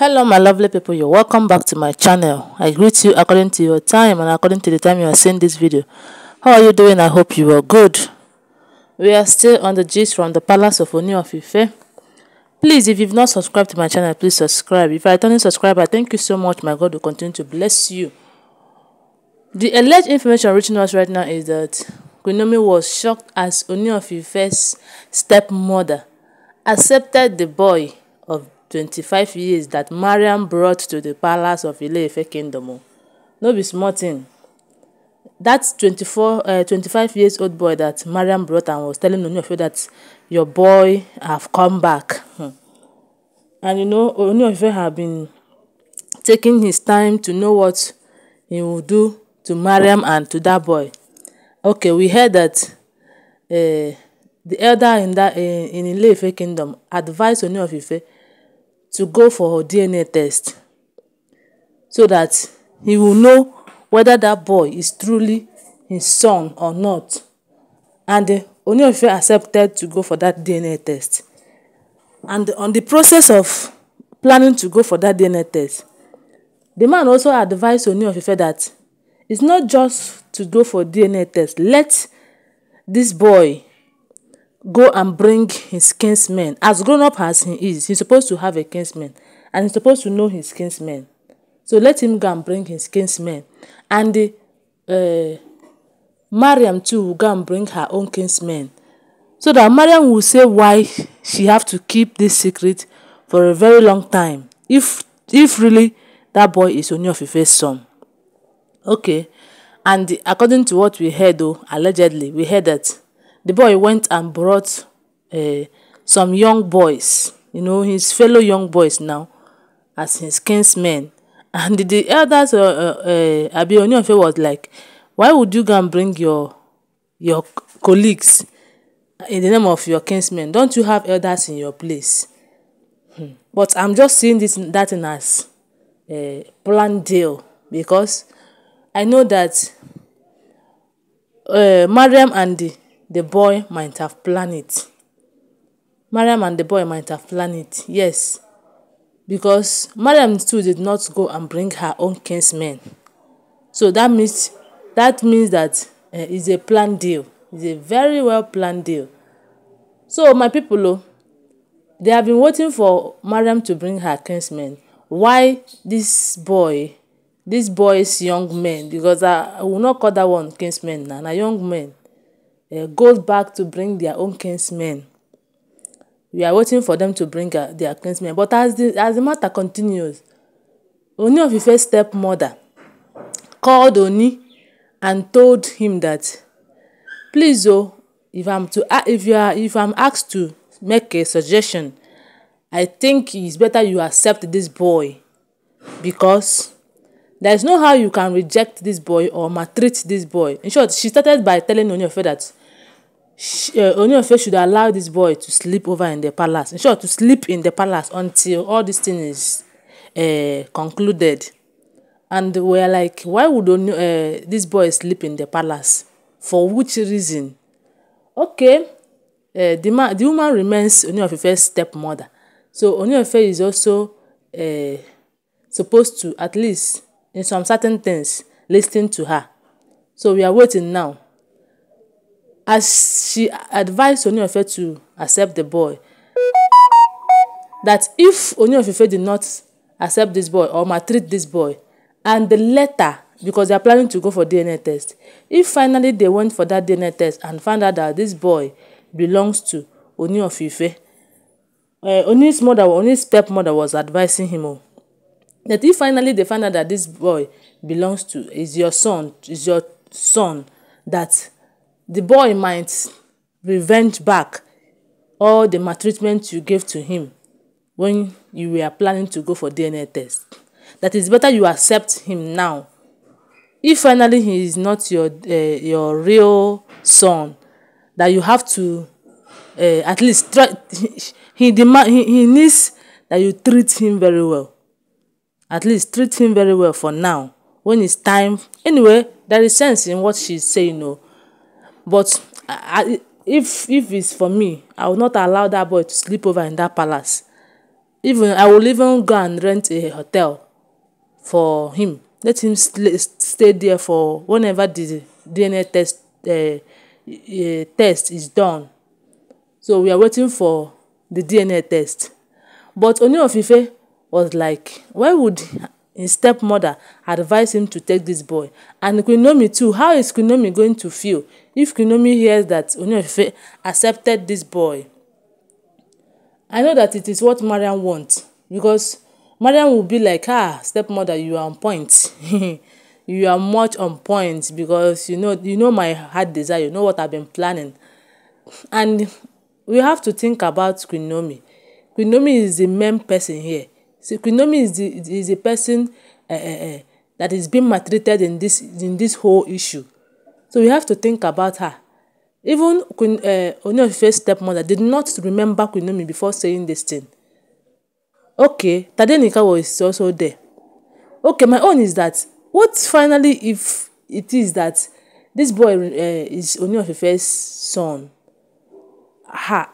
hello my lovely people you're welcome back to my channel i greet you according to your time and according to the time you are seeing this video how are you doing i hope you are good we are still on the gist from the palace of oni of ife please if you've not subscribed to my channel please subscribe if you're a returning subscriber thank you so much my god will continue to bless you the alleged information reaching us right now is that Kunomi was shocked as Oni of Ife's stepmother accepted the boy 25 years that mariam brought to the palace of ileife kingdom no be small tin dat 25 years old boy that mariam brought and was telling oniofe that your boy have come back hmm. and you know oniofe have been taking his time to know what he will do to mariam and to that boy okay we heard dat eh, the elder in that eh, in Ileife kingdom advised Ooni of to go for DNA test so that he will know whether that boy is truly his son or not. And uh, Oniofe accepted to go for that DNA test. And on the process of planning to go for that DNA test, the man also advised Oniofe that it's not just to go for DNA test. Let this boy go and bring his kinsmen. As grown up as he is, he's supposed to have a kinsman and he's supposed to know his kinsmen. So let him go and bring his kinsmen. And uh, Mariam too will go and bring her own kinsmen. So that Mariam will say why she have to keep this secret for a very long time. If if really that boy is only first son. Okay. And according to what we heard though, allegedly, we heard that the boy went and brought uh, some young boys, you know, his fellow young boys now, as his kinsmen. And the elders, uh, uh, uh, was like, why would you go and bring your, your colleagues in the name of your kinsmen? Don't you have elders in your place? Hmm. But I'm just seeing this that in as a eh, planned deal because I know that uh, Mariam and the The boy might have planned it. Mariam and the boy might have planned it, yes, because Mariam too did not go and bring her own kinsmen. So that means that means that uh, it's a planned deal. It's a very well planned deal. So my people, oh, they have been waiting for Mariam to bring her kinsmen. Why this boy, this boy's young men, because I, I will not call that one kinsmen now, na young man. Eh, goes back to bring their own kinsmen. We are waiting for them to bring uh, their kinsmen. But as the, as the matter continues, Oni of Ife's stepmother called Oni and told him that, please, oh, if I'm to uh, if you are if I'm asked to make a suggestion, I think it's better you accept this boy because there is no how you can reject this boy or maltreat this boy. In short, she started by telling Oni of Onyefe that she, uh, Oniofe should allow this boy to sleep over in the palace. In short, to sleep in the palace until all this thing is uh, concluded. And we we're like, why would Oni uh, eh, this boy sleep in the palace? For which reason? Okay, uh, the, ma the woman remains Oniofefe's stepmother. So Oniofe is also uh, supposed to, at least in some certain things, listen to her. So we are waiting now as she advised Oniofe to accept the boy. That if Oniofe did not accept this boy or maltreat this boy, and the letter, because they are planning to go for DNA test, if finally they went for that DNA test and found out that this boy belongs to Oniofe, uh, eh, Oni's mother, Oni's stepmother was advising him, oh, that if finally they find out that this boy belongs to, is your son, is your son, that The boy might revenge back all the maltreatment you gave to him when you were planning to go for DNA test. That is better you accept him now. If finally he is not your uh, your real son, that you have to uh, at least try, he, demand he, he needs that you treat him very well. At least treat him very well for now. When it's time, anyway, there is sense in what she's saying. You oh. know, but I, if if it's for me i will not allow that boy to sleep over in that palace even i will even go and rent a hotel for him let him stay there for whenever the dna test uh, uh, test is done so we are waiting for the dna test but Ooni of was like why would His stepmother advised him to take this boy. And Kunomi too, how is Kunomi going to feel if Kunomi hears that Onyefe accepted this boy? I know that it is what Marian wants because Marian will be like, ah, stepmother, you are on point. you are much on point because you know you know my heart desire, you know what I've been planning. And we have to think about Queen Naomi. is the main person here. Economy is the, is the person uh, uh, that is being maltreated in this in this whole issue. So we have to think about her. Even Queen uh, stepmother did not remember Queen before saying this thing. Okay, Tadenika was also there. Okay, my own is that what finally if it is that this boy uh, is Onyefife's son? Ha,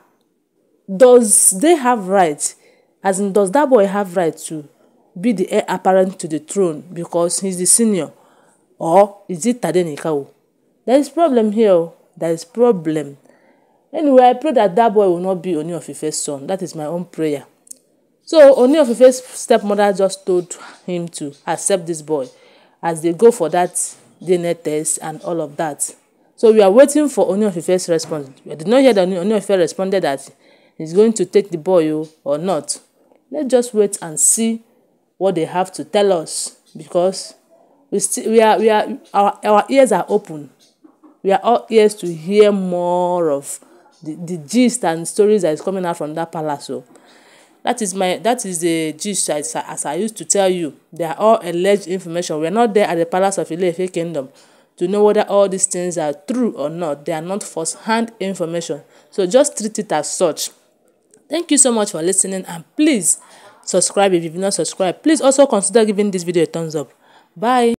does they have rights? As in does that boy have right to be the heir apparent to the throne because he's the senior or is it Tadenikawo? There is problem here. Oh. There is problem. Anyway, I pray that that boy will not be Oni of first son. That is my own prayer. So Oni of first stepmother just told him to accept this boy as they go for that DNA test and all of that. So we are waiting for Oni of first response. We did not hear that Oni of Ife responded that he's going to take the boy oh, or not let's just wait and see what they have to tell us because we still we are we are our, our ears are open we are all ears to hear more of the, the gist and stories that is coming out from that palace o oh. that is my that is the gist as, as i used to tell you they are all alleged information we are not there at the palace of Ile-Ife kingdom to know whether all these things are true or not they are not first hand information so just treat it as such Thank you so much for listening and please subscribe if you've not subscribed. Please also consider giving this video a thumbs up. Bye.